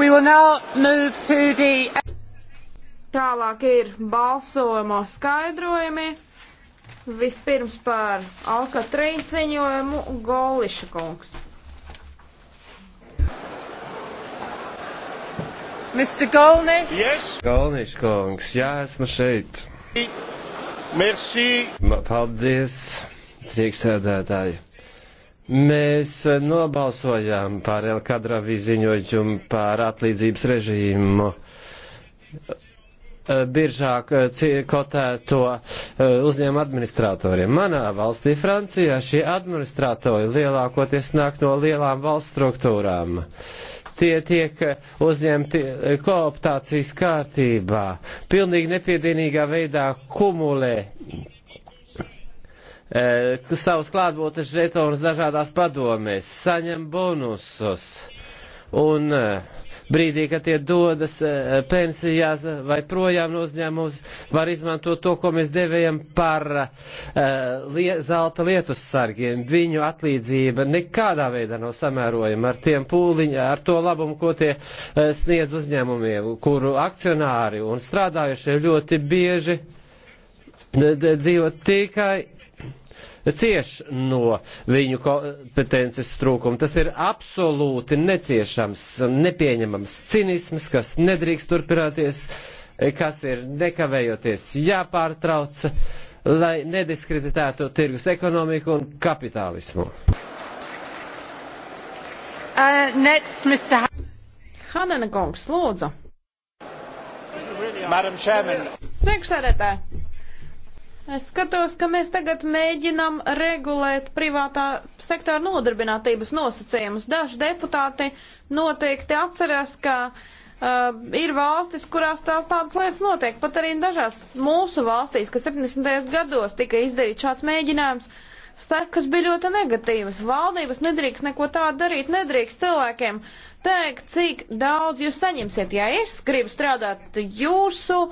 The... Tālāk ir balsojuma skaidrojumi. Vispirms par Alkatrīnu ziņojumu Goliša kungs. Mr. Golniš? Yes. Golniš kungs, jā, esmu šeit. Merci. Paldies, priekšsēdētāji. Mēs eh, nobalsojām par Elkadravī ziņojumu par atlīdzības režīmu eh, biržāk eh, kotēto uzņēmu administratoriem. Manā valstī, Francijā, šie administratori lielākoties nāk no lielām valsts struktūrām. Tie tiek uzņemti kooptācijas kārtībā, pilnīgi nepiedienīgā veidā kumulē Eh, savus klātbūtnes žetonus dažādās padomēs, saņem bonusus. Un eh, brīdī, kad tie dodas eh, pensijās vai projām no uzņēmums, var izmantot to, ko mēs devējam par lie, zelta lietussargiem. Viņu atlīdzība nekādā veidā nav samērojama ar tiem pūliņa, ar to labumu, ko tie sniedz uzņēmumiem, kuru akcionāri un strādājušie ļoti bieži dzīvo tikai cieš no viņu kompetences trūkuma. Tas ir absolūti neciešams, nepieņemams cinisms, kas nedrīkst turpināties, kas ir nekavējoties jāpārtrauc, lai nediskreditētu tirgus ekonomiku un kapitālismu. Uh, next, Mr. Hanena kungs, lūdzu. Madam Chairman. Priekšsēdētāji. Es skatos, ka mēs tagad mēģinam regulēt privātā sektora nodarbinātības nosacījumus. Daži deputāti noteikti atceras, ka uh, ir valstis, kurās tās tādas lietas notiek. Pat arī dažās mūsu valstīs, ka 70. gados tika izdarīts šāds mēģinājums, sekas bija ļoti negatīvas. Valdības nedrīkst neko tādu darīt, nedrīkst cilvēkiem teikt, cik daudz jūs saņemsiet. Ja es gribu strādāt jūsu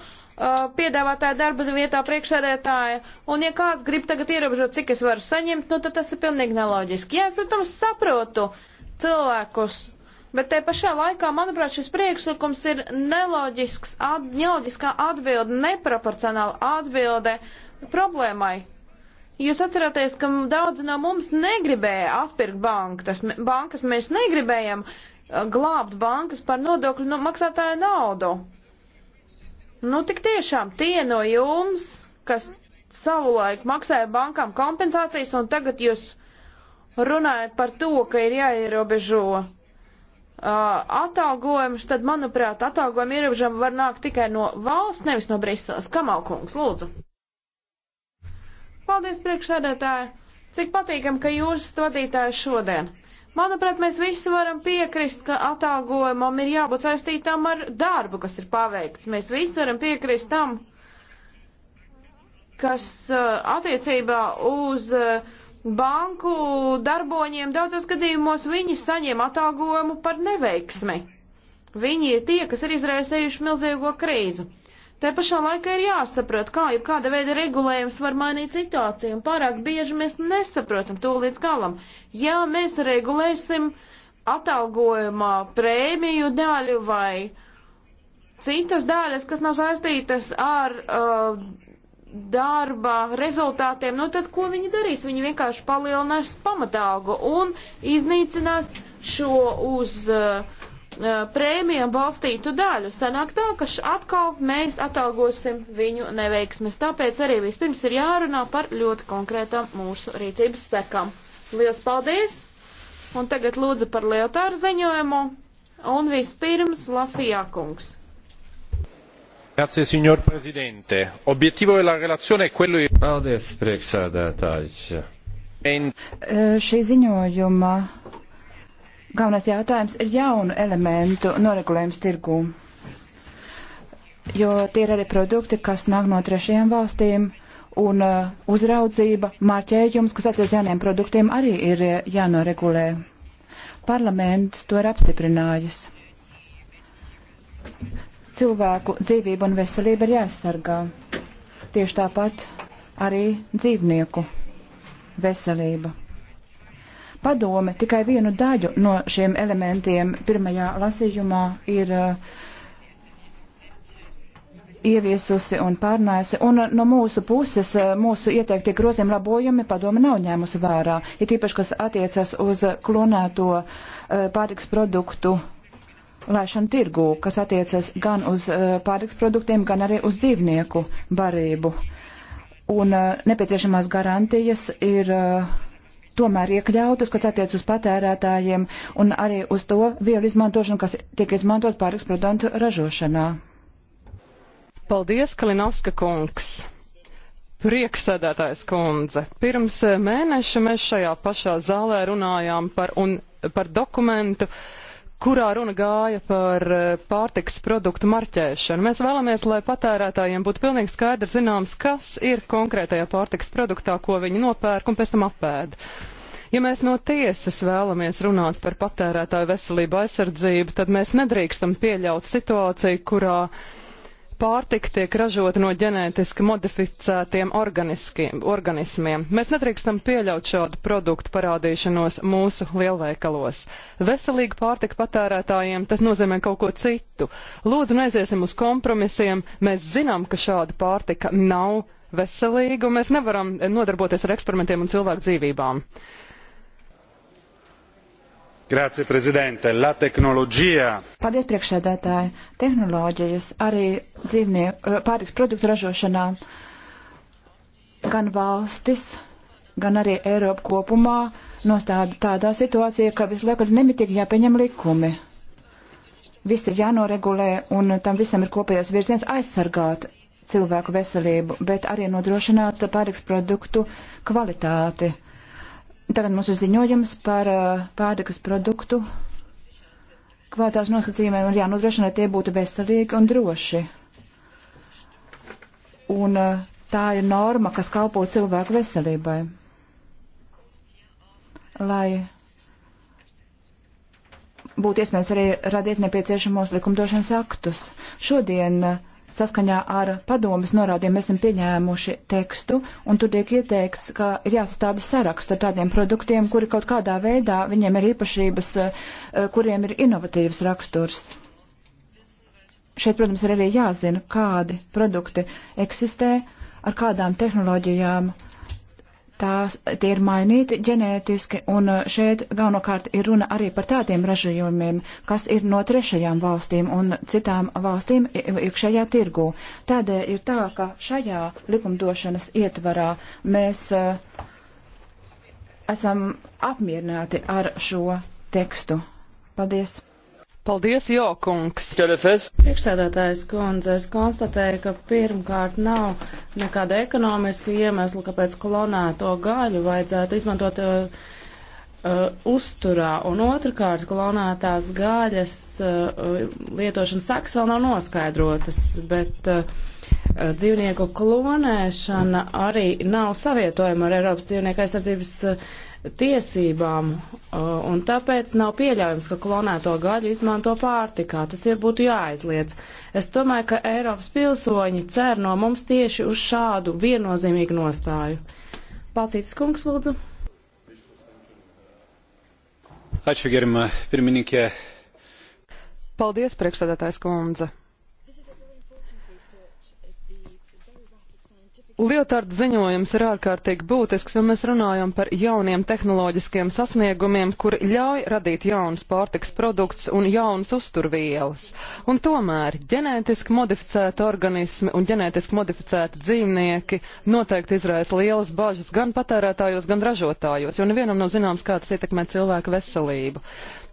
Uh, piedāvātāja darba vietā priekšsēdētāja, un ja kāds grib tagad ierobežot, cik es varu saņemt, nu tad tas ir pilnīgi neloģiski. Jā, es, protams, saprotu cilvēkus, bet te pašā laikā, manuprāt, šis priekšlikums ir neloģisks, at, neloģiskā atbilde, neproporcionāla atbilde problēmai. Jūs atceraties, ka daudzi no mums negribēja atpirkt bankas, bankas mēs negribējam uh, glābt bankas par nodokļu no nu, maksātāju naudu. Nu, tik tiešām tie no jums, kas savulaik maksāja bankām kompensācijas, un tagad jūs runājat par to, ka ir jāierobežo uh, atalgojums, tad, manuprāt, atalgojuma ierobežojumi var nākt tikai no valsts, nevis no Briseles. Kamalkungs, lūdzu. Paldies, priekšsēdētāji! Cik patīkam, ka jūs esat vadītājs šodien! Manuprāt, mēs visi varam piekrist, ka atalgojumam ir jābūt saistītam ar darbu, kas ir paveikts. Mēs visi varam piekrist tam, kas uh, attiecībā uz uh, banku darboņiem daudzos gadījumos viņi saņem atalgojumu par neveiksmi. Viņi ir tie, kas ir izraisējuši milzīgo krīzi. Te pašā laikā ir jāsaprot, kā jau kāda veida regulējums var mainīt situāciju, un pārāk bieži mēs nesaprotam to līdz galam. Ja mēs regulēsim atalgojumā prēmiju daļu vai citas daļas, kas nav saistītas ar uh, darba rezultātiem, nu tad ko viņi darīs? Viņi vienkārši palielinās pamatālgu un iznīcinās šo uz. Uh, prēmijām balstītu daļu. Sanāk tā, ka atkal mēs atalgosim viņu neveiksmes. Tāpēc arī vispirms ir jārunā par ļoti konkrētām mūsu rīcības sekām. Lielas paldies! Un tagad lūdzu par Leotāru ziņojumu. Un vispirms Lafijā kungs. Grazie, signor Presidente. Obiettivo della relazione è quello di... Paldies, priekšsēdētāji. En... Šī ziņojuma Galvenais jautājums ir jaunu elementu noregulējums tirgū, jo tie ir arī produkti, kas nāk no trešajām valstīm, un uh, uzraudzība, mārķējums, kas attiecas jauniem produktiem, arī ir uh, jānoregulē. Parlaments to ir apstiprinājis. Cilvēku dzīvību un veselību ir jāsargā. Tieši tāpat arī dzīvnieku veselība. Padome tikai vienu daļu no šiem elementiem pirmajā lasījumā ir uh, ieviesusi un pārnājusi, un uh, no mūsu puses uh, mūsu ieteiktie grozījumi labojumi padome nav ņēmusi vērā, ir tīpaši, kas attiecas uz klonēto pārtiks produktu laišanu tirgū, kas attiecas gan uz uh, pārtiks produktiem, gan arī uz dzīvnieku barību. Un uh, nepieciešamās garantijas ir uh, tomēr iekļautas, kas attiec uz patērētājiem un arī uz to vielu izmantošanu, kas tiek izmantot pāreksprodontu ražošanā. Paldies, Kalinovska kungs! Prieksēdētājs kundze, pirms mēneša mēs šajā pašā zālē runājām par, un, par dokumentu, uh, kurā runa gāja par eh, pārtiks produktu marķēšanu. Mēs vēlamies, lai patērētājiem būtu pilnīgi skaidrs zināms, kas ir konkrētajā pārtiks produktā, ko viņi nopērk un pēc tam apēd. Ja mēs no tiesas vēlamies runāt par patērētāju veselību aizsardzību, tad mēs nedrīkstam pieļaut situāciju, kurā uh, pārtika tiek ražota no ģenētiski modificētiem organismiem. Mēs nedrīkstam pieļaut šādu produktu parādīšanos mūsu lielveikalos. Veselīga pārtika patērētājiem tas nozīmē kaut ko citu. Lūdzu, neiesim uz kompromisiem. Mēs zinām, ka šāda pārtika nav veselīga, un mēs nevaram nodarboties ar eksperimentiem un cilvēku dzīvībām. Grācija prezidente, la tehnoloģija. Paldies priekšsēdētāji. Tehnoloģijas arī dzīvnieku eh, pārtiks produktu ražošanā gan valstis, gan arī Eiropa kopumā nostāda tādā situācijā, ka visu laiku ir nemitīgi jāpieņem likumi. Viss ir jānoregulē un tam visam ir kopējais virziens aizsargāt cilvēku veselību, bet arī nodrošināt pārtiks produktu kvalitāti Tagad mums ir ziņojums par uh, pārtikas produktu kvalitātes nosacījumiem ir jānodrošina, lai tie būtu veselīgi un droši. Un uh, tā ir norma, kas kalpo cilvēku veselībai. Lai būtu iespējams arī radīt nepieciešamos likumdošanas aktus. Šodien uh, saskaņā ar padomas norādiem mēs esam pieņēmuši tekstu, un tur tiek ieteikts, ka ir jāsastāda saraksts ar tādiem produktiem, kuri kaut kādā veidā viņiem ir īpašības, eh, kuriem ir inovatīvs raksturs. Šeit, protams, ir arī jāzina, kādi produkti eksistē, ar kādām tehnoloģijām uh, tās, tie ir mainīti ģenētiski, un uh, šeit galvenokārt ir runa arī par tādiem ražojumiem, kas ir no trešajām valstīm un citām valstīm iekšējā tirgū. Tādēļ ir tā, ka šajā likumdošanas ietvarā mēs uh, esam apmierināti ar šo tekstu. Paldies! Paldies, Jokungs! Priekšsēdētājs kundze, es konstatēju, ka pirmkārt nav nekāda ekonomiska iemesla, kāpēc klonēto gaļu vajadzētu izmantot uh, Uh, uzturā, un otrkārt klonētās gaļas uh, lietošanas saks vēl nav noskaidrotas, bet uh, uh, dzīvnieku klonēšana arī nav savietojama ar Eiropas dzīvnieku aizsardzības uh, tiesībām, uh, un tāpēc nav pieļaujams, ka klonēto gaļu izmanto pārtikā. Tas ir būtu jāaizliedz. Es domāju, ka Eiropas pilsoņi cer no mums tieši uz šādu viennozīmīgu nostāju. Palcītis kungs, lūdzu. Ačiū, gerima pirmininkē. Paldies, priekšsēdētājs kundze. Lietārda ziņojums ir ārkārtīgi būtisks, jo mēs runājam par jauniem tehnoloģiskiem sasniegumiem, kur ļauj radīt jaunas pārtiks produkts un jaunas uzturvielas. Un tomēr ģenētiski modificēta organismi un ģenētiski modificēta dzīvnieki noteikti izraisa lielas bažas gan patērētājos, gan ražotājos, jo nevienam nav zināms, kā tas ietekmē cilvēku veselību.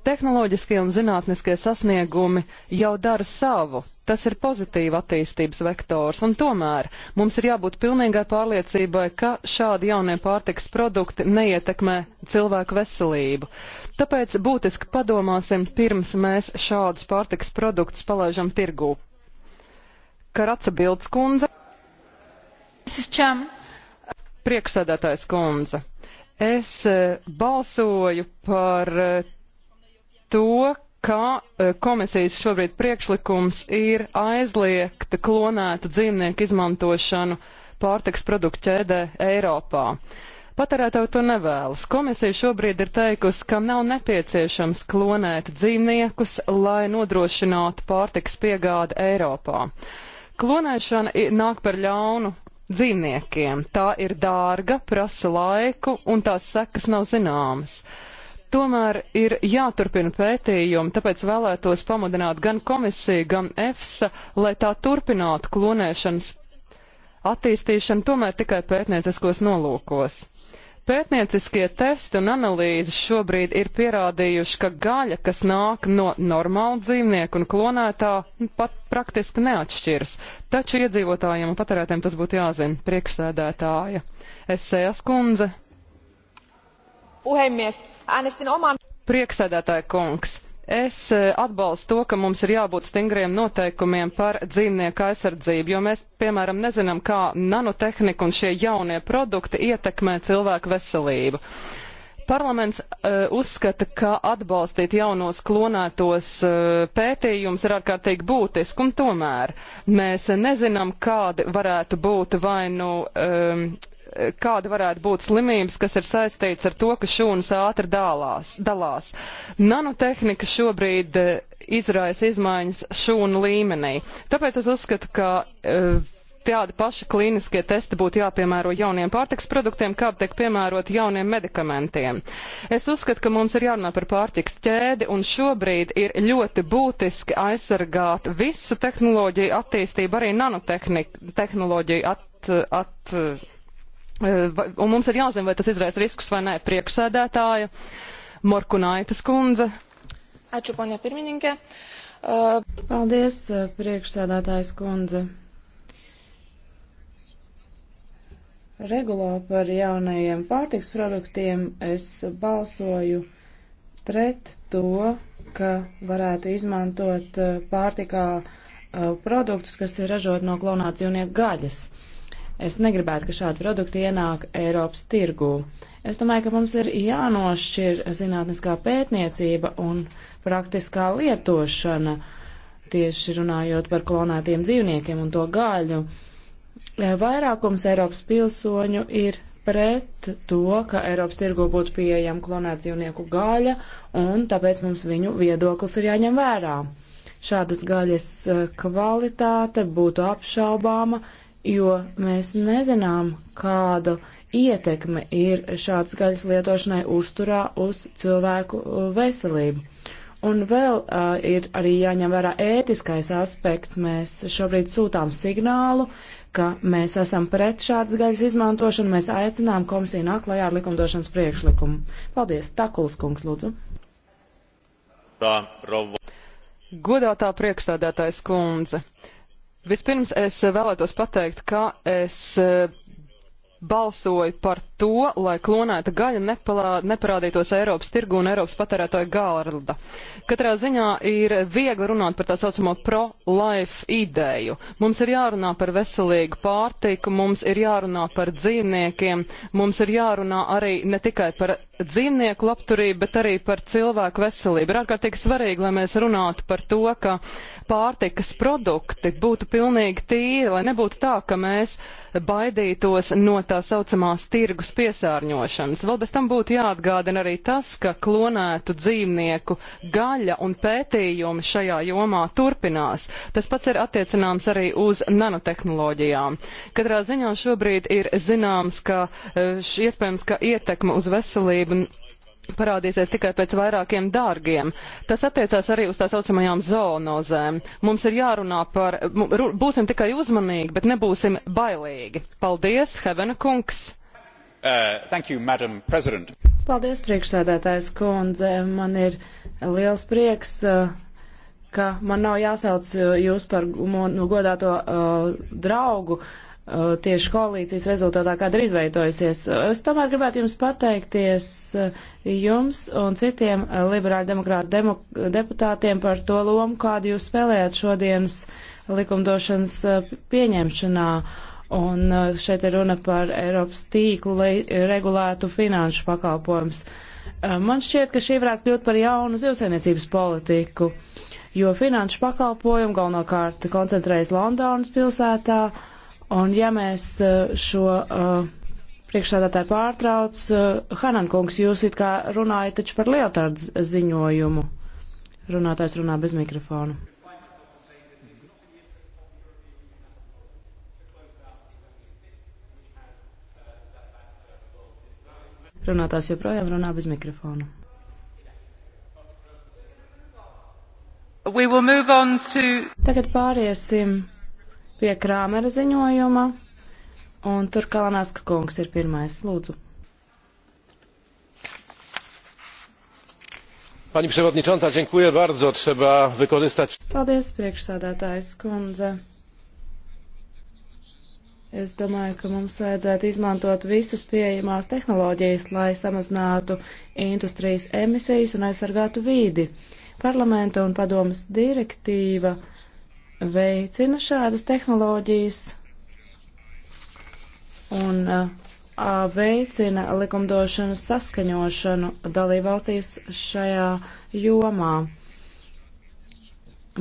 Tehnoloģiskie un zinātniskie sasniegumi jau dara savu. Tas ir pozitīva attīstības vektors, un tomēr mums ir jābūt pilnīgai pārliecībai, ka šādi jaunie pārtiks produkti neietekmē cilvēku veselību. Tāpēc būtiski padomāsim, pirms mēs šādus pārtiks produktus palaižam tirgū. Karaca Bildes kundze. Priekšsēdētājs kundze. Es eh, balsoju par eh, to, ka eh, komisijas šobrīd priekšlikums ir aizliegta klonētu dzīvnieku izmantošanu pārtiks produktu ķēdē Eiropā. Patērētāji to nevēlas. Komisija šobrīd ir teikusi, ka nav nepieciešams klonēt dzīvniekus, lai nodrošinātu pārtiks piegādi Eiropā. Klonēšana nāk par ļaunu dzīvniekiem. Tā ir dārga, prasa laiku un tās sekas nav zināmas. Tomēr ir jāturpina pētījumi, tāpēc vēlētos pamudināt gan komisiju, gan EFSA, lai tā turpinātu klonēšanas attīstīšanu tomēr tikai pētnieciskos nolūkos. Pētnieciskie testi un analīzes šobrīd ir pierādījuši, ka gaļa, kas nāk no normāla dzīvnieka un klonētā, nu, pat praktiski neatšķiras. Taču iedzīvotājiem un patērētiem tas būtu jāzina priekšsēdētāja. Es sējas kundze puhemies, äänestin oman... Prieksēdētāja kungs. Es e, atbalstu to, ka mums ir jābūt stingriem noteikumiem par dzīvnieku aizsardzību, jo mēs, piemēram, nezinām, kā nanotehnika un šie jaunie produkti ietekmē cilvēku veselību. Parlaments uh, uzskata, ka atbalstīt jaunos klonētos uh, e, pētījumus ir ārkārtīgi būtiski, un tomēr mēs nezinām, kādi varētu būt vai nu um, kāda varētu būt slimības, kas ir saistīts ar to, ka šūnas ātri dālās, dalās. Nanotehnika šobrīd eh, izraisa izmaiņas šūnu līmenī. Tāpēc es uzskatu, ka eh, tādi paši klīniskie testi būtu jāpiemēro jauniem pārtiks produktiem, kā tiek piemērot jauniem medikamentiem. Es uzskatu, ka mums ir jārunā par pārtiks ķēdi, un šobrīd ir ļoti būtiski aizsargāt visu tehnoloģiju attīstību, arī nanotehnoloģiju at, at, un mums ir jāzina, vai tas izraisa riskus vai nē. Priekšsēdētāja Morkunaitas kundze. Aču, poņa pirmininkē. Uh... Paldies, uh, priekšsēdētājs kundze. Regulā par jaunajiem pārtiks produktiem es balsoju pret to, ka varētu izmantot uh, pārtikā uh, produktus, kas ir ražot no klonāta dzīvnieku gaļas. Es negribētu, ka šādi produkti ienāk Eiropas tirgū. Es domāju, ka mums ir jānošķir zinātniskā pētniecība un praktiskā lietošana, tieši runājot par klonētiem dzīvniekiem un to gaļu. Vairākums Eiropas pilsoņu ir pret to, ka Eiropas tirgo būtu pieejama klonētu dzīvnieku gaļa, un tāpēc mums viņu viedoklis ir jāņem vērā. Šādas gaļas eh, kvalitāte būtu apšaubāma, jo mēs nezinām, kādu ietekmi ir šāds gaļas lietošanai uzturā uz cilvēku uh, veselību. Un vēl uh, ir arī jāņem vērā ētiskais aspekts. Mēs šobrīd sūtām signālu, ka mēs esam pret šādas gaļas izmantošanu. Mēs aicinām komisiju nāk klajā ar likumdošanas priekšlikumu. Paldies, Takuls kungs, lūdzu. Tā, rovu. Godātā priekšstādātājs kundze. Uh, Vispirms es vēlētos pateikt, ka es eh, balsoju par to, lai klonēta gaļa nepalā, neparādītos Eiropas tirgu un Eiropas patērētāju galda. Katrā ziņā ir viegli runāt par tā saucamo pro-life ideju. Mums ir jārunā par veselīgu pārtiku, mums ir jārunā par dzīvniekiem, mums ir jārunā arī ne tikai par dzīvnieku labturību, bet arī par cilvēku veselību. Ir ārkārtīgi svarīgi, lai mēs runātu par to, ka pārtikas produkti būtu pilnīgi tīri, lai nebūtu tā, ka mēs baidītos no tā saucamās tirgus piesārņošanas. Vēl bez tam būtu jāatgādina arī tas, ka klonētu dzīvnieku gaļa un pētījumi šajā jomā turpinās. Tas pats ir attiecināms arī uz nanotehnoloģijām. Katrā ziņā šobrīd ir zināms, ka eh, iespējams, ka ietekme uz veselību parādīsies tikai pēc vairākiem dārgiem. Tas attiecās arī uz tā saucamajām zoonozēm. Mums ir jārunā par, būsim tikai uzmanīgi, bet nebūsim bailīgi. Paldies, Hevena kungs! Uh, thank you, Madam President. Paldies, priekšsēdētājs kundze. Man ir liels prieks, uh, ka man nav jāsauc uh, jūs par godāto uh, draugu. Uh, Uh, tieši koalīcijas rezultātā, kāda ir izveidojusies. Uh, es tomēr gribētu jums pateikties uh, jums un citiem liberāļu demokrātu demo, deputātiem par to lomu, kādu jūs spēlējat šodienas likumdošanas pieņemšanā. Un šeit ir runa par Eiropas tīklu, lai regulētu finanšu pakalpojumus. Man šķiet, ka šī varētu kļūt par jaunu zivsainiecības politiku, jo finanšu pakalpojumu galvenokārt koncentrējas Londonas pilsētā, uh, Un ja mēs eh, šo uh, eh, priekšsādātāju pārtrauc, uh, Hanan kungs, jūs it kā runājat taču par Leotards ziņojumu. Runātājs runā bez mikrofona. Runātājs joprojām runā bez mikrofona. To... Tagad pāriesim pie Krāmera ziņojuma, un tur Kalanaska kungs ir pirmais. Lūdzu. Pani przewodnicząca, dziękuję bardzo. Trzeba wykorzystać. Paldies, priekšsādātājs kundze. Es domāju, ka mums vajadzētu izmantot visas pieejamās tehnoloģijas, lai samazinātu industrijas emisijas un aizsargātu vīdi. Parlamenta un padomas direktīva uh, veicina šādas tehnoloģijas un veicina likumdošanas saskaņošanu dalībvalstīs šajā jomā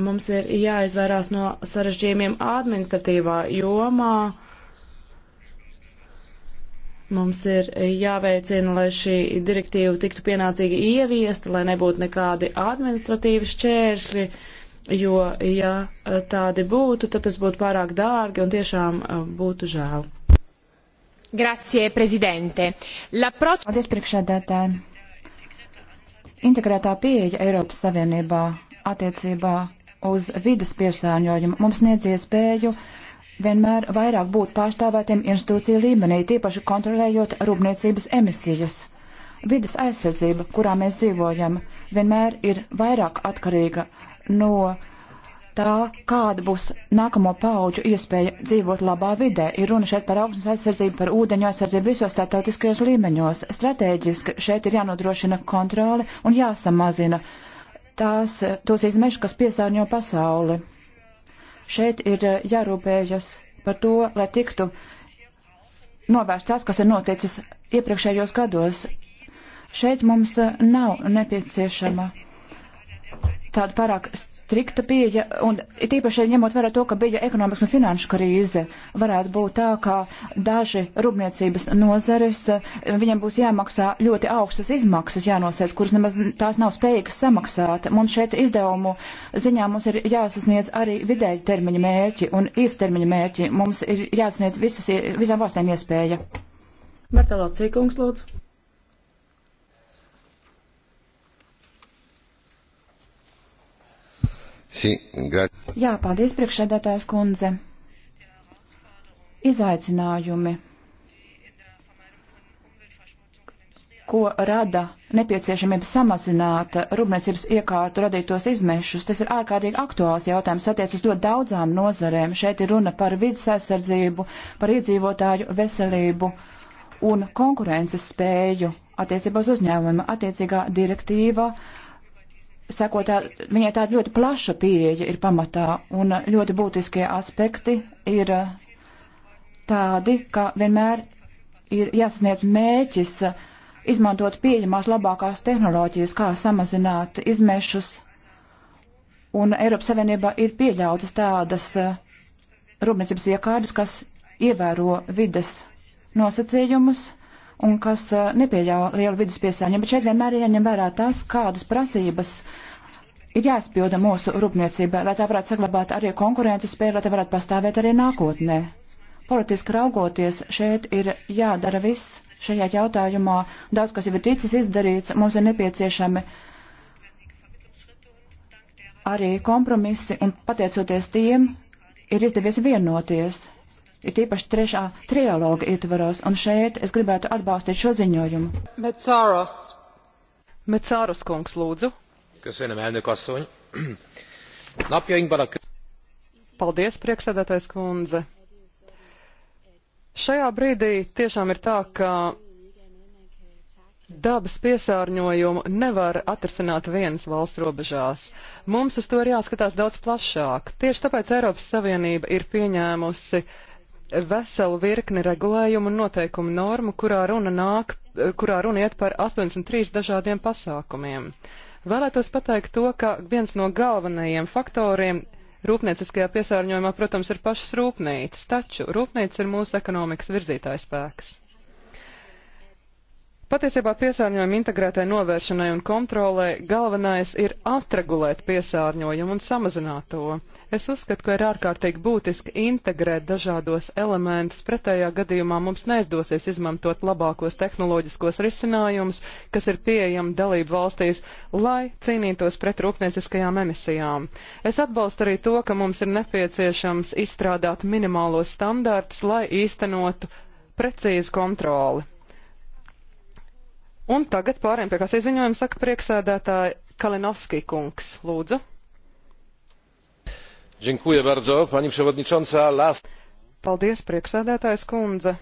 mums ir jāizvairās no sarežģījumiem administratīvā jomā. Mums ir jāveicina, lai šī direktīva tiktu pienācīgi ieviesta, lai nebūtu nekādi administratīvi šķēršļi. Uh, jo, ja eh, tādi būtu, tad tas būtu pārāk dārgi un tiešām eh, būtu žēl. Grazie, prezidente. L'approccio... Paldies, priekšēdētāji. Integrētā pieeja Eiropas Savienībā attiecībā uz vidas piesārņojumu mums sniedz iespēju vienmēr vairāk būt pārstāvētiem institūciju līmenī, tīpaši kontrolējot rūpniecības emisijas. Vides aizsardzība, kurā mēs dzīvojam, vienmēr ir vairāk atkarīga no tā, kāda būs nākamo pauģu iespēja dzīvot labā vidē. Ir runa šeit par augstnes aizsardzību, par ūdeņu aizsardzību visos starptautiskajos līmeņos. Stratēģiski šeit ir jānodrošina kontroli un jāsamazina tās, tos izmešus, kas piesārņo pasauli. Šeit ir jārūpējas par to, lai tiktu novērst tas, kas ir noticis iepriekšējos gados. Šeit mums nav nepieciešama tāda pārāk strikta pieeja, un tīpaši ņemot vērā to, ka bija ekonomikas un finanšu krīze, varētu būt tā, ka daži rūpniecības nozares, viņiem būs jāmaksā ļoti augstas izmaksas jānosēdz, kuras nemaz tās nav spējīgas samaksāt. Mums šeit izdevumu ziņā mums ir jāsasniedz arī vidēji termiņa mērķi un īstermiņa mērķi. Mums ir jāsasniedz visas, visām valstīm iespēja. Bertalo Cīkungs, lūdzu. Sí, Jā, paldies priekšsēdētājs kundze. Izaicinājumi, ko rada nepieciešamība samazināt rūpniecības iekārtu radītos izmešus, tas ir ārkārtīgi aktuāls jautājums, attiecas ļoti daudzām nozarēm. Šeit ir runa par vidas aizsardzību, par iedzīvotāju veselību un konkurences spēju attiecībā uz uzņēmumu attiecīgā direktīva. Uh, sekot, tā, viņai tāda ļoti plaša pieeja ir pamatā, un ļoti būtiskie aspekti ir uh, tādi, ka vienmēr ir jāsniedz mēķis uh, izmantot pieejamās labākās tehnoloģijas, kā samazināt izmešus, un Eiropas Savienībā ir pieļautas tādas uh, rūpniecības iekārtas, kas ievēro vides nosacījumus un kas eh, nepieļauj lielu vidas piesārņojumu, bet šeit vienmēr ir jāņem vērā tas, kādas prasības ir jāizpilda mūsu rūpniecībai, lai tā varētu saglabāt arī konkurences spēju, lai tā varētu pastāvēt arī nākotnē. Politiski raugoties, šeit ir jādara viss šajā jautājumā. Daudz, kas jau ir ticis izdarīts, mums ir nepieciešami arī kompromisi, un pateicoties tiem, ir izdevies vienoties ir tīpaši trešā trialoga ietvaros, un šeit es gribētu atbalstīt šo ziņojumu. Mecāros. Mecāros kungs, lūdzu. Köszönöm, elnök asszony. Napjainkban a... Paldies, priekšsēdētājs kundze. Šajā brīdī tiešām ir tā, ka Dabas piesārņojumu nevar atrisināt vienas valsts robežās. Mums uz to ir jāskatās daudz plašāk. Tieši tāpēc Eiropas Savienība ir pieņēmusi veselu virkni regulējumu un noteikumu normu, kurā runa, nāk, kurā runa iet par 83 dažādiem pasākumiem. Vēlētos pateikt to, ka viens no galvenajiem faktoriem rūpnieciskajā piesārņojumā, protams, ir pašas rūpnīcas, taču rūpnīca ir mūsu ekonomikas virzītājspēks. Patiesībā piesārņojuma integrētai novēršanai un kontrolē galvenais ir atregulēt piesārņojumu un samazināt to. Es uzskatu, ka ir ārkārtīgi būtiski integrēt dažādos elementus, pretējā gadījumā mums neizdosies izmantot labākos tehnoloģiskos risinājumus, kas ir pieejami dalību valstīs, lai cīnītos pret rūpnieciskajām emisijām. Es atbalstu arī to, ka mums ir nepieciešams izstrādāt minimālos standārtus, lai īstenotu precīzu kontroli. Un tagad pāriem pie kas izziņojuma saka prieksēdētāja Kalinovski kungs. Lūdzu. Dziękuję bardzo, pani przewodnicząca. Last... Paldies, prieksēdētājs kundze.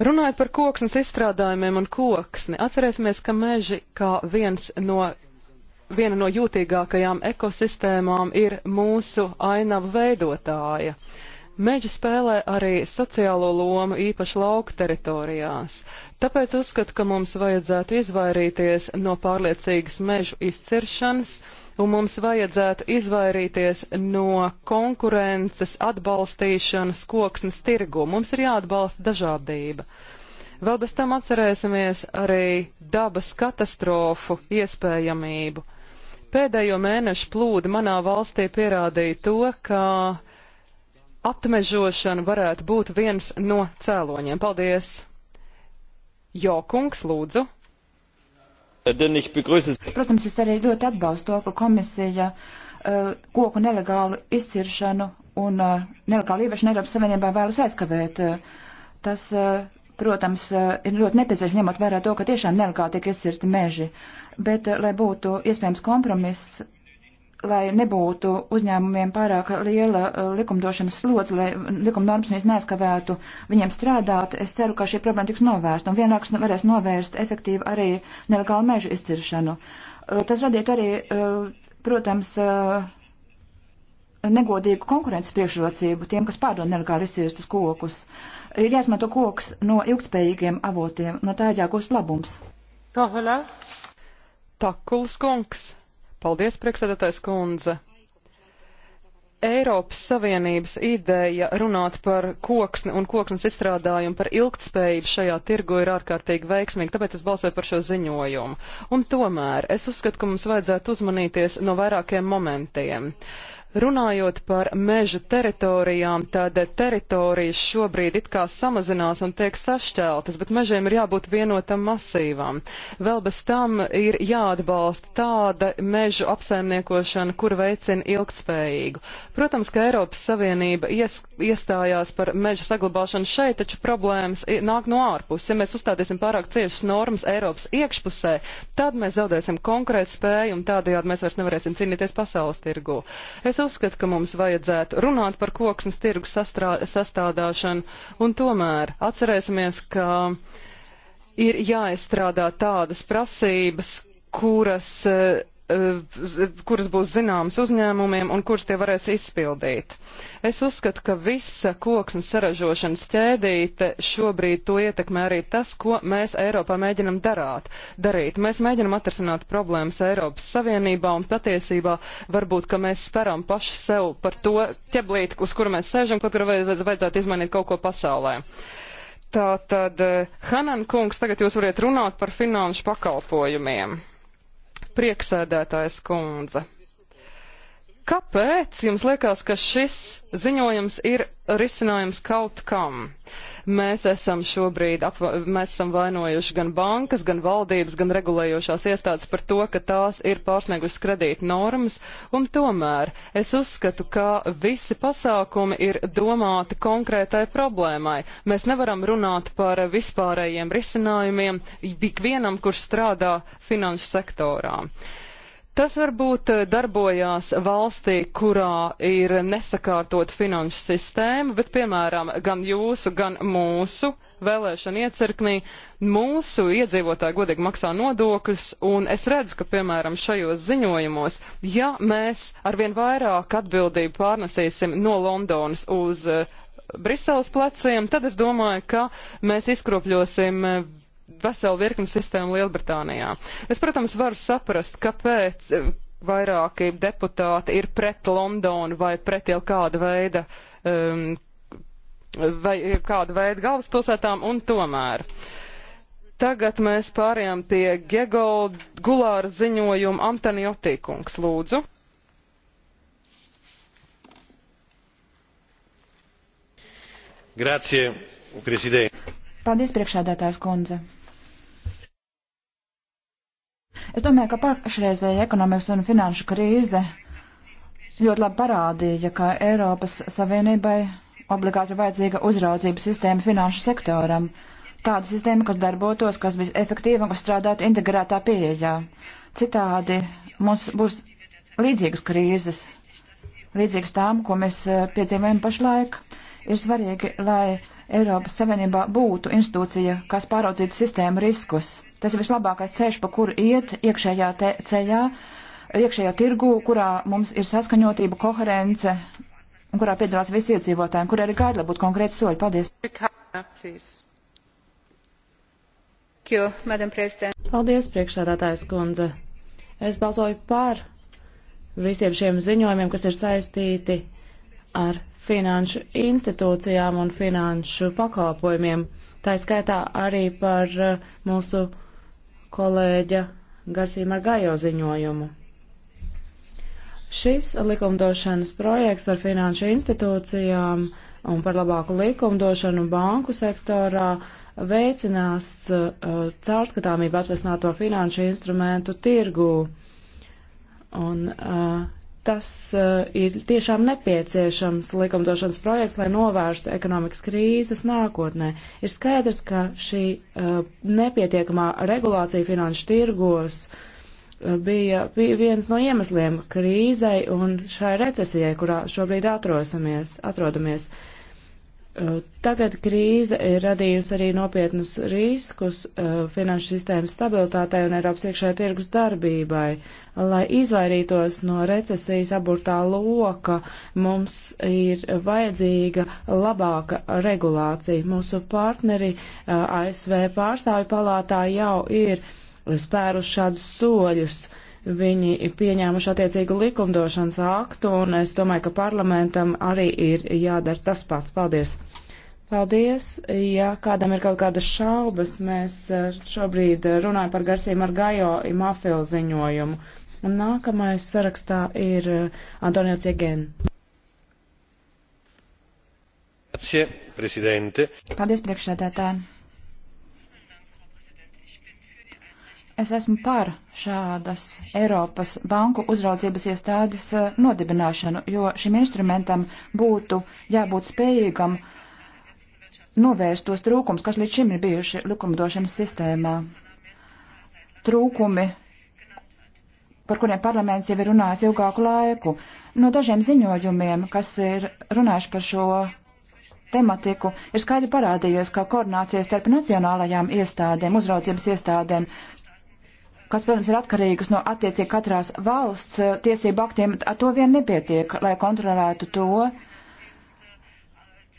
Runājot par koksnes izstrādājumiem un koksni, atcerēsimies, ka meži kā viens no, viena no jūtīgākajām ekosistēmām ir mūsu ainava veidotāja. Meģi spēlē arī sociālo lomu īpaši lauka teritorijās, tāpēc uzskatu, ka mums vajadzētu izvairīties no pārliecīgas mežu izciršanas, un mums vajadzētu izvairīties no konkurences atbalstīšanas koksnes tirgu. Mums ir jāatbalsta dažādība. Vēl bez tam atcerēsimies arī dabas katastrofu iespējamību. Pēdējo mēnešu plūdi manā valstī pierādīja to, ka apmežošana varētu būt viens no cēloņiem. Paldies! Jo, kungs, lūdzu! Protams, es arī ļoti atbalstu to, ka komisija uh, koku nelegālu izciršanu un uh, nelegālu ieviešanu Eiropas Savienībā vēlas aizkavēt. Uh, tas, uh, protams, ir ļoti nepieciešams ņemot vērā to, ka tiešām nelegāli tiek izcirti meži. Bet, lai būtu iespējams kompromiss, lai nebūtu uzņēmumiem pārāk liela uh, likumdošanas slodze, lai likumnormas viņas neskavētu viņiem strādāt. Es ceru, ka šī problēma tiks novērsta un vienlaikus nu, varēs novērst efektīvi arī nelegālu mežu izciršanu. Uh, tas radītu arī, uh, protams, negodīgu konkurences priekšrocību tiem, kas pārdod nelegāli izcirstus kokus. Ir jāizmanto koks no ilgspējīgiem avotiem, no tā ir jāgūst labums. Tā, Takuls kungs. Paldies, priekšsēdētājs kundze. Eiropas Savienības ideja runāt par koksni un koksnes izstrādājumu par ilgtspējību šajā tirgu ir ārkārtīgi veiksmīga, tāpēc es balsoju par šo ziņojumu. Un tomēr es uzskatu, ka mums vajadzētu uzmanīties no vairākiem momentiem. Runājot par meža teritorijām, tad teritorijas šobrīd it kā samazinās un tiek sašķeltas, bet mežiem ir jābūt vienotam masīvam. Vēl bez tam ir jāatbalsta tāda mežu apsaimniekošana, kur veicina ilgtspējīgu. Protams, ka Eiropas Savienība ies, iestājās par meža saglabāšanu šeit, taču problēmas nāk no ārpus. Ja mēs uzstādīsim pārāk ciešas normas Eiropas iekšpusē, tad mēs zaudēsim konkurētspēju un tādējādi mēs vairs nevarēsim cīnīties pasaules tirgu. Es uzskatu, ka mums vajadzētu runāt par koksnes tirgu sastādāšanu, un tomēr atcerēsimies, ka ir jāizstrādā tādas prasības, kuras uh, kuras būs zināmas uzņēmumiem un kuras tie varēs izpildīt. Es uzskatu, ka visa koksnes saražošanas ķēdīte šobrīd to ietekmē arī tas, ko mēs Eiropā mēģinam darāt, darīt. Mēs mēģinam atrasināt problēmas Eiropas Savienībā un patiesībā varbūt, ka mēs speram paši sev par to ķeblīti, uz kuru mēs sēžam, kaut kur vajadzētu izmainīt kaut ko pasaulē. Tātad, eh, Hanan kungs, tagad jūs varat runāt par finanšu pakalpojumiem. Prieksēdētājs kundze. Kāpēc jums liekas, ka šis ziņojums ir risinājums kaut kam? Mēs esam šobrīd, apva, mēs esam vainojuši gan bankas, gan valdības, gan regulējošās iestādes par to, ka tās ir pārsniegušas kredīta normas, un tomēr es uzskatu, ka visi pasākumi ir domāti konkrētai problēmai. Mēs nevaram runāt par vispārējiem risinājumiem ikvienam, kurš strādā finanšu sektorā. Uh, Tas varbūt eh, darbojās valstī, kurā ir nesakārtot finanšu sistēma, bet, piemēram, gan jūsu, gan mūsu vēlēšana iecirknī mūsu iedzīvotāji godīgi maksā nodokļus, un es redzu, ka, piemēram, šajos ziņojumos, ja mēs arvien vairāk atbildību pārnesīsim no Londonas uz eh, Briseles pleciem, tad es domāju, ka mēs izkropļosim eh, veselu virkni sistēmu Lielbritānijā. Es, protams, varu saprast, kāpēc eh, vairāki deputāti ir pret Londonu vai pret jau kāda veida, um, vai kāda veida galvaspilsētām un tomēr. Tagad mēs pārējām pie Gegolda Gulāra ziņojuma Amtaniotīkungs, lūdzu. Grazie, prezident. Paldies, priekšādātājs kundze. Es domāju, ka pašreizēja ekonomikas un finanšu krīze ļoti labi parādīja, ka Eiropas Savienībai obligāti ir vajadzīga uzraudzības sistēma finanšu sektoram. Tāda sistēma, kas darbotos, kas bija efektīva un kas strādātu integrētā pieejā. Citādi mums būs līdzīgas krīzes, līdzīgas tām, ko mēs eh, piedzīvojam pašlaik. Ir svarīgi, lai Eiropas Savienībā būtu institūcija, kas pāraudzītu sistēmu riskus. Tas ir vislabākais ceļš, pa kuru iet iekšējā ceļā, iekšējā tirgū, kurā mums ir saskaņotība, koherence, un kurā piedalās visi iedzīvotājiem, kur arī gaida, lai būtu konkrēti soļi. Paldies! Paldies, priekšsādātājs kundze. Es balsoju par visiem šiem ziņojumiem, kas ir saistīti ar finanšu institūcijām un finanšu pakalpojumiem. Tā skaitā arī par uh, mūsu kolēģa Garsīm ar Gajo ziņojumu. Šis likumdošanas projekts par finanšu institūcijām un par labāku likumdošanu banku sektorā veicinās uh, caurskatāmību atvesināto finanšu instrumentu tirgū. Un uh, Tas uh, ir tiešām nepieciešams likumdošanas projekts, lai novērstu ekonomikas krīzes nākotnē. Ir skaidrs, ka šī uh, nepietiekamā regulācija finanšu tirgos uh, bija viens no iemesliem krīzei un šai recesijai, kurā šobrīd atrosamies, atrodamies. atrodamies Tagad krīze ir radījusi arī nopietnus riskus uh, finanšu sistēmas stabilitātei un Eiropas iekšē tirgus darbībai. Lai izvairītos no recesijas aburtā loka, mums ir vajadzīga labāka regulācija. Mūsu partneri uh, ASV pārstāvju palātā jau ir spēruši šādus soļus. Viņi ir pieņēmuši attiecīgu likumdošanas aktu, un es domāju, ka parlamentam arī ir jādara tas pats. Paldies! Paldies. Ja kādam ir kaut kādas šaubas, mēs eh, šobrīd eh, runājam par Garsīm ar Gajo mafiju ziņojumu. Un nākamais sarakstā ir eh, Antonio Ciegen. Paldies, priekšsēdētāji. Es esmu par šādas Eiropas banku uzraudzības iestādes nodibināšanu, jo šim instrumentam būtu jābūt spējīgam uh, novērst tos trūkums, kas līdz šim ir bijuši likumdošanas sistēmā. Trūkumi, par kuriem parlaments jau ir runājis ilgāku laiku. No dažiem ziņojumiem, kas ir runājuši par šo tematiku, ir skaidri parādījies, ka koordinācija starp nacionālajām iestādēm, uzraudzības iestādēm, kas, protams, ir atkarīgas no attiecīgi katrās valsts eh, tiesību aktiem, ar to vien nepietiek, lai kontrolētu to,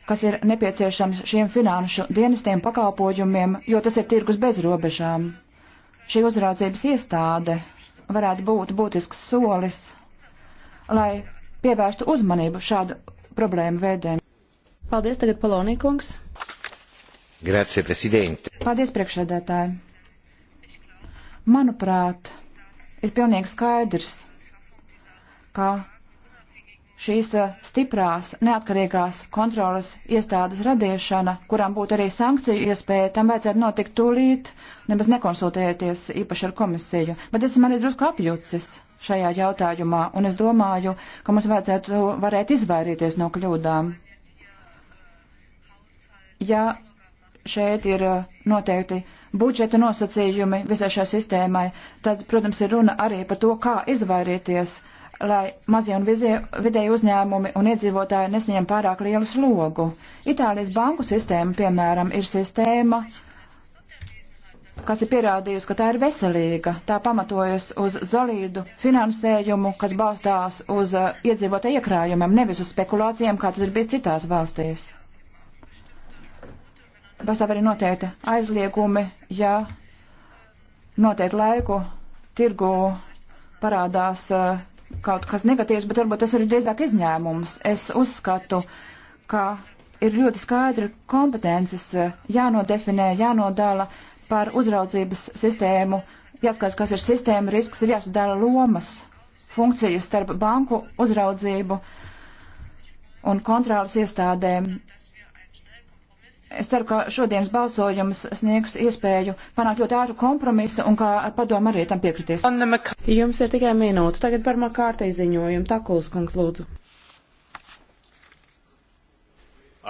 kas ir nepieciešams šiem finanšu dienestiem pakalpojumiem, jo tas ir tirgus bez robežām. Šī uzraudzības iestāde varētu būt būtisks solis, lai pievērstu uzmanību šādu problēmu veidēm. Paldies tagad Palonīkungs. Grazie, prezidente. Paldies, priekšsēdētāji. Manuprāt, ir pilnīgi skaidrs, ka šīs eh, stiprās, neatkarīgās kontrolas iestādes radīšana, kurām būtu arī sankciju iespēja, tam vajadzētu notikt tūlīt, nemaz nekonsultējoties īpaši ar komisiju. Bet esmu arī drusku apjucis šajā jautājumā, un es domāju, ka mums vajadzētu varēt izvairīties no kļūdām. Ja šeit ir eh, noteikti budžeta nosacījumi visai šai sistēmai, tad, protams, ir runa arī par to, kā izvairīties lai mazie un vidēji uzņēmumi un iedzīvotāji nesaņem pārāk lielu slogu. Itālijas banku sistēma, piemēram, ir sistēma, kas ir pierādījusi, ka tā ir veselīga. Tā pamatojas uz solīdu finansējumu, kas balstās uz uh, iedzīvotāju iekrājumiem, nevis uz spekulācijām, kā tas ir bijis citās valstīs. Pastāv arī noteikti aizliegumi, ja noteikti laiku tirgu parādās uh, kaut kas negatīvs, bet varbūt tas ir drīzāk izņēmums. Es uzskatu, ka ir ļoti skaidri kompetences eh, jānodefinē, jānodala par uzraudzības sistēmu, jāskatās, kas ir sistēma, risks, ir jāsadala lomas, funkcijas starp banku uzraudzību un kontrolas iestādēm. Es ceru, ka šodienas balsojums sniegs iespēju panākt ļoti ātru kompromisu un ka padomu arī tam piekritīs. Jums ir tikai minūte. Tagad par makārtai ziņojumu. Takuls kungs lūdzu.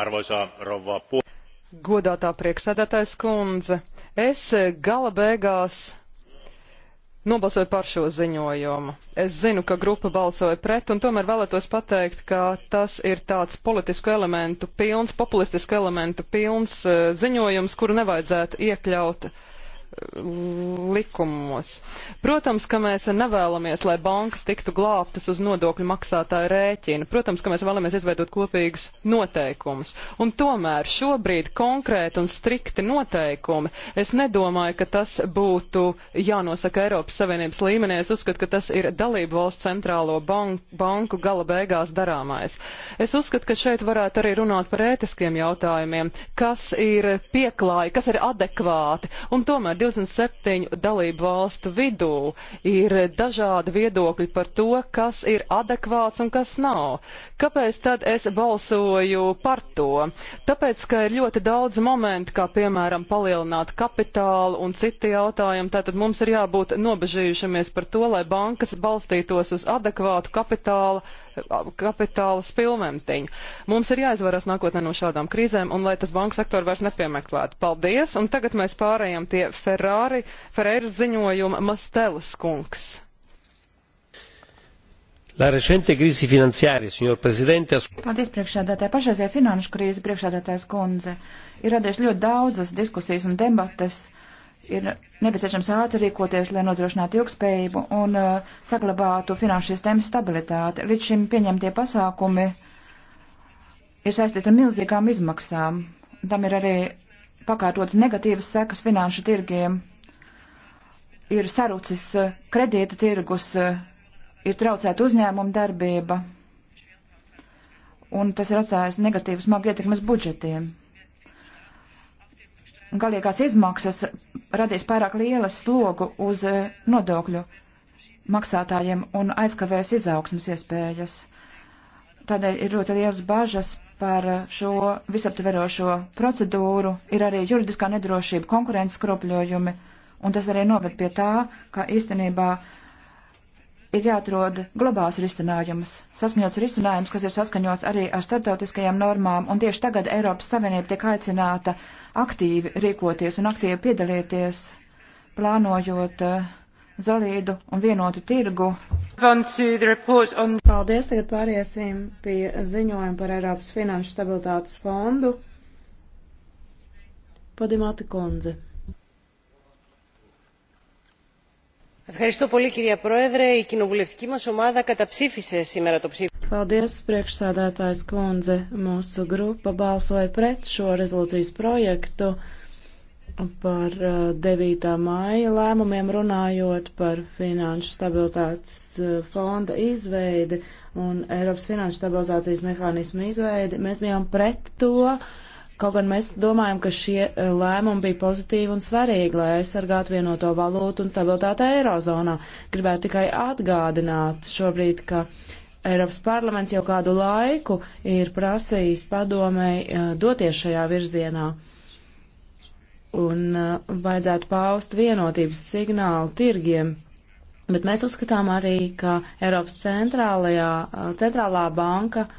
Arvoisā rovā. Godātā prieksēdētājs kundze, es gala beigās nobalsoja par šo ziņojumu. Es zinu, ka grupa balsoja pret, un tomēr vēlētos pateikt, ka tas ir tāds politisku elementu pilns, populistisku elementu pilns eh, ziņojums, kuru nevajadzētu iekļaut uh, likumos. Protams, ka mēs nevēlamies, lai bankas tiktu glābtas uz nodokļu maksātāju rēķina. Protams, ka mēs vēlamies izveidot kopīgus noteikumus. Un tomēr šobrīd konkrēti un strikti noteikumi, es nedomāju, ka tas būtu jānosaka Eiropas Savienības līmenī. Es uzskatu, ka tas ir dalību valsts centrālo banku, banku gala beigās darāmais. Es uzskatu, ka šeit varētu arī runāt par ētiskiem jautājumiem, kas ir pieklāji, kas ir adekvāti. Un tomēr 27 dalību valstu vidū ir dažādi viedokļi par to, kas ir adekvāts un kas nav. Kāpēc tad es balsoju par to? Tāpēc, ka ir ļoti daudz momentu, kā piemēram palielināt kapitālu un citi jautājumi, tātad mums ir jābūt nobežījušamies par to, lai bankas balstītos uz adekvātu kapitālu kapitāla spilventiņu. Mums ir jāizvaras nākotnē no šādām krīzēm, un lai tas banku sektoru vairs nepiemeklētu. Paldies, un tagad mēs pārējām pie Ferrari, Ferreiras ziņojuma Mastelis kungs. La recente crisi finanziaria, signor Presidente, Paldies, priekšsēdētāji. Pašreizie finanšu krīze, priekšsēdētājs kundze, ir radies ļoti daudzas diskusijas un debates ir nepieciešams ātri rīkoties, lai nodrošinātu ilgspējību un uh, saglabātu finanšu sistēmas stabilitāti. Līdz šim pieņemtie pasākumi ir saistīti ar milzīgām izmaksām. Tam ir arī pakārtotas negatīvas sekas finanšu tirgiem. Ir sarucis uh, kredīta tirgus, uh, ir traucēta uzņēmuma darbība, un tas ir atstājis negatīvu smagu ietekmes budžetiem galīgās izmaksas radīs pārāk lielas slogu uz eh, nodokļu maksātājiem un aizkavēs izaugsmas iespējas. Tādēļ ir ļoti liels bažas par eh, šo visaptverošo procedūru, ir arī juridiskā nedrošība, konkurences kropļojumi, un tas arī noved pie tā, ka īstenībā uh, ir jāatrod globāls risinājums, sasniegts risinājums, kas ir saskaņots arī ar starptautiskajām normām, un tieši tagad Eiropas Savienība tiek aicināta aktīvi rīkoties un aktīvi piedalīties, plānojot uh, eh, zolīdu un vienotu tirgu. On... Paldies, tagad pāriesim pie ziņojuma par Eiropas Finanšu stabilitātes fondu. Padimāti Konze. η κοινοβουλευτική μας ομάδα καταψήφισε σήμερα το ψήφισμα. Paldies, priekšsādātājs kundze. Mūsu grupa balsoja pret šo rezolūcijas projektu par 9. Uh, māja lēmumiem runājot par finanšu stabilitātes uh, fonda izveidi un Eiropas finanšu stabilizācijas mehānismu izveidi. Mēs bijām pret to. Uh, Kaut gan mēs domājam, ka šie e, lēmumi bija pozitīvi un svarīgi, lai aizsargātu vienoto valūtu un stabilitāti Eirozonā. Gribētu tikai atgādināt šobrīd, ka Eiropas parlaments jau kādu laiku ir prasījis padomēji e, doties šajā virzienā. Un e, vajadzētu paust vienotības signālu tirgiem. Bet mēs uzskatām arī, ka Eiropas centrālajā, centrālā banka uh,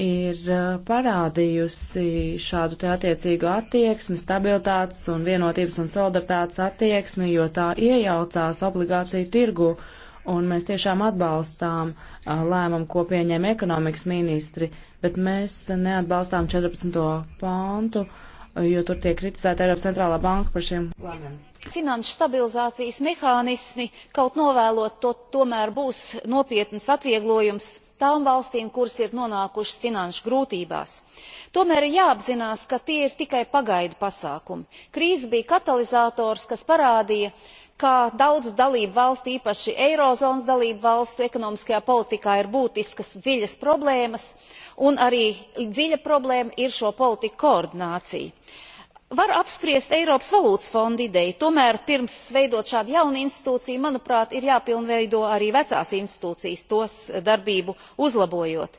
ir uh, parādījusi šādu te attiecīgu attieksmi, stabilitātes un vienotības un solidaritātes attieksmi, jo tā iejaucās obligāciju tirgu, un mēs tiešām atbalstām uh, lēmumu, ko pieņēma ekonomikas ministri, bet mēs neatbalstām 14. pāntu, uh, jo tur tiek kritizēta Eiropas centrālā banka par šiem lēmumiem. Finanšu stabilizācijas mehānismi, kaut novēlot, to tomēr būs nopietnas atvieglojums tām valstīm kuras ir nonākušas finanšu grūtībās. tomēr ir jāapzinās ka tie ir tikai pagaidu pasākumi. krīze bija katalizators kas parādīja ka daudzu dalību valstu īpaši eirozonas dalību valstu ekonomiskajā politikā ir būtiskas dziļas problēmas un arī dziļa problēma ir šo politiku koordinācija var apspriest eiropas valūtas fonda ideju tomēr pirms veidot šādu jaunu institūciju manuprāt ir jāpilnveido arī vecās institūcijas tās darbību uzlabojot.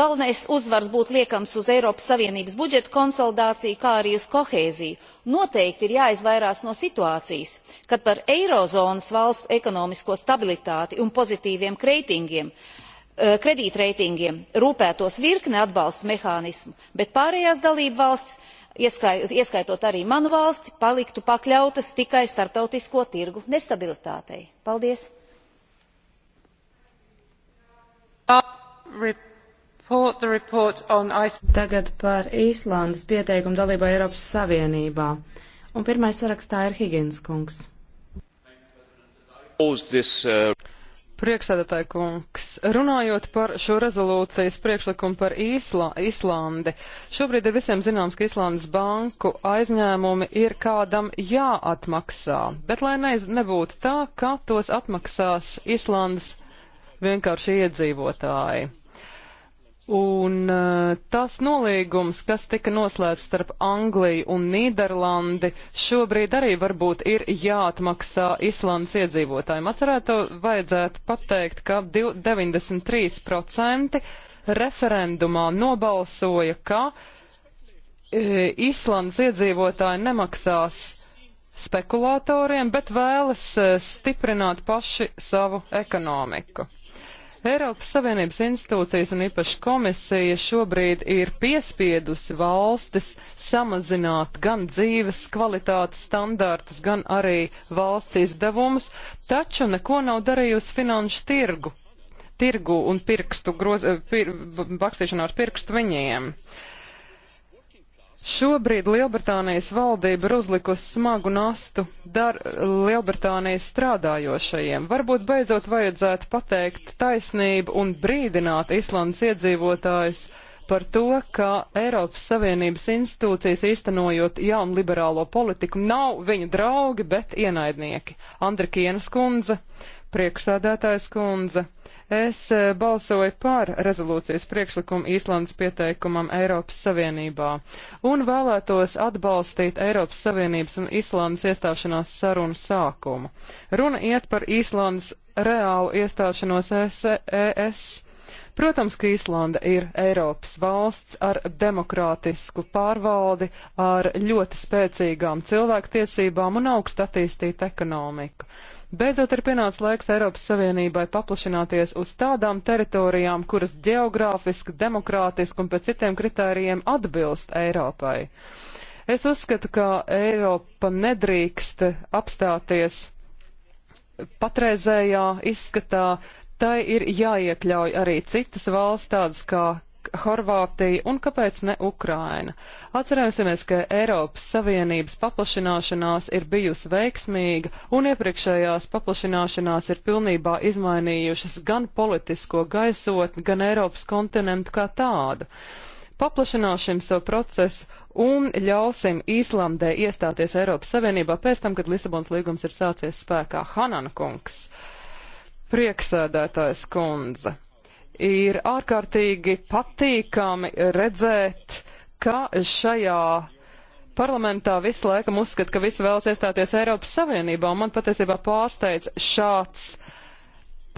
galvenais uzsvars būtu liekams uz eiropas savienības budžeta konsolidāciju kā arī uz kohēziju. noteikti ir jāizvairās no situācijas kad par eirozonas valstu ekonomisko stabilitāti un pozitīviem kreitingiem eh, kredītreitingiem rūpētos virkne atbalsta mehānismu bet pārējās dalībvalstis ieskaitot arī manu valsti paliktu pakļautas tikai starptautisko tirgu nestabilitātei. paldies! Tagad par Īslandes pieteikumu dalībā Eiropas Savienībā. Un pirmais sarakstā ir Higgins kungs. This, uh... Priekšsēdētāji kungs, runājot par šo rezolūcijas priekšlikumu par Īsla, Īslandi, šobrīd ir visiem zināms, ka Īslandes banku aizņēmumi ir kādam jāatmaksā, bet lai neiz, nebūtu tā, ka tos atmaksās Īslandes vienkārši iedzīvotāji. Un eh, tas nolīgums, kas tika noslēgts starp Angliju un Nīderlandi, šobrīd arī varbūt ir jāatmaksā Islandes iedzīvotājiem. Atcerētu, vajadzētu pateikt, ka 93% referendumā nobalsoja, ka eh, Islandes iedzīvotāji nemaksās spekulātoriem, bet vēlas eh, stiprināt paši savu ekonomiku. Eiropas Savienības institūcijas un īpaši komisija šobrīd ir piespiedusi valstis samazināt gan dzīves kvalitātes standārtus, gan arī valsts izdevumus, taču neko nav darījusi finanšu tirgu, tirgu un pirkstu, groz, pir, bakstīšanā ar pirkstu viņiem. Uh, Šobrīd Lielbritānijas valdība ir uzlikusi smagu nastu dar Lielbritānijas strādājošajiem. Varbūt beidzot vajadzētu pateikt taisnību un brīdināt Islandes iedzīvotājus par to, ka Eiropas Savienības institūcijas īstenojot jaunu liberālo politiku nav viņu draugi, bet ienaidnieki. Andrikienas kundze, priekšsēdētājs kundze. Es eh, balsoju par rezolūcijas priekšlikumu Īslandes pieteikumam Eiropas Savienībā un vēlētos atbalstīt Eiropas Savienības un Īslandes iestāšanās sarunu sākumu. Runa iet par Īslandes reālu iestāšanos ES. E, Protams, ka Īslanda ir Eiropas valsts ar demokrātisku pārvaldi, ar ļoti spēcīgām cilvēktiesībām un augstu attīstītu ekonomiku. Beidzot ir pienācis laiks Eiropas Savienībai paplašināties uz tādām teritorijām, kuras geogrāfiski, demokrātiski un pēc citiem kritērijiem atbilst Eiropai. Es uzskatu, ka Eiropa nedrīkst apstāties patreizējā izskatā, tai ir jāiekļauj arī citas valsts, tādas kā Horvātija un kāpēc ne Ukraina. Atcerēsimies, ka Eiropas Savienības paplašināšanās ir bijusi veiksmīga un iepriekšējās paplašināšanās ir pilnībā izmainījušas gan politisko gaisotni, gan Eiropas kontinentu kā tādu. Paplašināsim savu procesu un ļausim Īslandē iestāties Eiropas Savienībā pēc tam, kad Lisabons līgums ir sācies spēkā. Hanana kungs, prieksēdētājs kundze ir ārkārtīgi patīkami redzēt, ka šajā parlamentā visu laiku uzskata, ka visi vēlas iestāties Eiropas Savienībā, un man patiesībā pārsteidz šāds,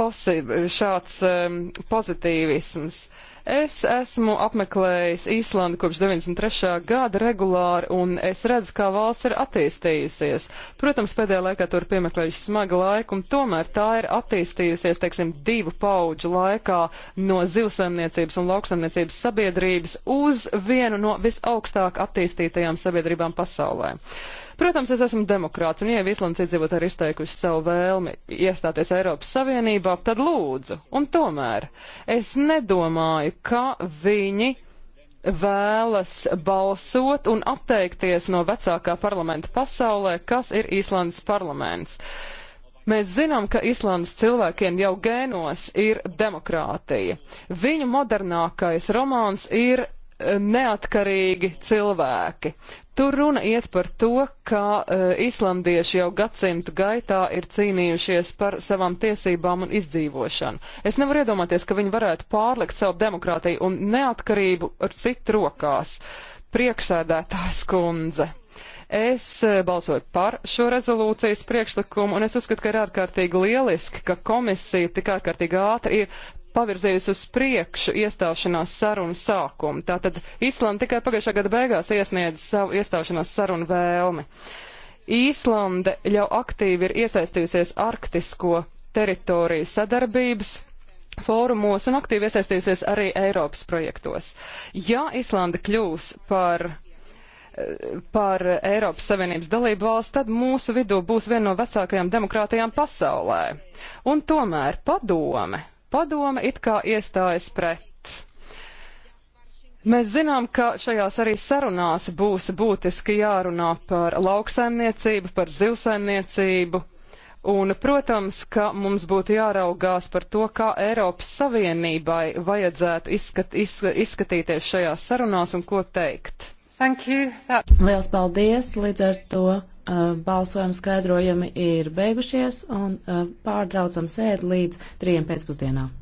posi, šāds um, pozitīvisms. Uh, Es esmu apmeklējis Īslandi kopš 93. gada regulāri, un es redzu, kā valsts ir attīstījusies. Protams, pēdējā laikā tur ir piemeklējuši smaga laika, un tomēr tā ir attīstījusies, teiksim, divu pauģu laikā no zivsaimniecības un lauksaimniecības sabiedrības uz vienu no visaugstāk attīstītajām sabiedrībām pasaulē. Uh, Protams, es esmu demokrāts, un ja Īslandes iedzīvotāji ir izteikuši savu vēlmi iestāties Eiropas Savienībā, tad lūdzu. Un tomēr es nedomāju, ka viņi vēlas balsot un atteikties no vecākā parlamenta pasaulē, kas ir Īslandes parlaments. Mēs zinām, ka Islandes cilvēkiem jau gēnos ir demokrātija. Viņu modernākais romāns ir neatkarīgi cilvēki. Tur runa iet par to, ka uh, e, islandieši jau gadsimtu gaitā ir cīnījušies par savām tiesībām un izdzīvošanu. Es nevaru iedomāties, ka viņi varētu pārlikt savu demokrātiju un neatkarību ar citu rokās. Priekšsēdētājs kundze. Uh, Es eh, balsoju par šo rezolūcijas priekšlikumu, un es uzskatu, ka ir ārkārtīgi lieliski, ka komisija tik ārkārtīgi ātri ir pavirzījusi uz priekšu iestāšanās sarunu sākumu. Tātad Islanda tikai pagājušā gada beigās iesniedz savu iestāšanās sarunu vēlmi. Īslande jau aktīvi ir iesaistījusies arktisko teritoriju sadarbības fórumos un aktīvi iesaistījusies arī Eiropas projektos. Ja Islanda kļūs par par Eiropas Savienības dalību valsts, tad mūsu vidū būs viena no vecākajām demokrātijām pasaulē. Un tomēr padome, padome it kā iestājas pret. Mēs zinām, ka šajās arī sarunās būs būtiski jārunā par lauksaimniecību, par zivsaimniecību. Un, protams, ka mums būtu jāraugās par to, kā Eiropas Savienībai vajadzētu izskat, iz, izskatīties šajās sarunās un ko teikt. That... Liels paldies! Līdz ar to uh, balsojuma skaidrojumi ir beigušies un uh, pārtraucam sēdi līdz trijiem pēcpusdienā.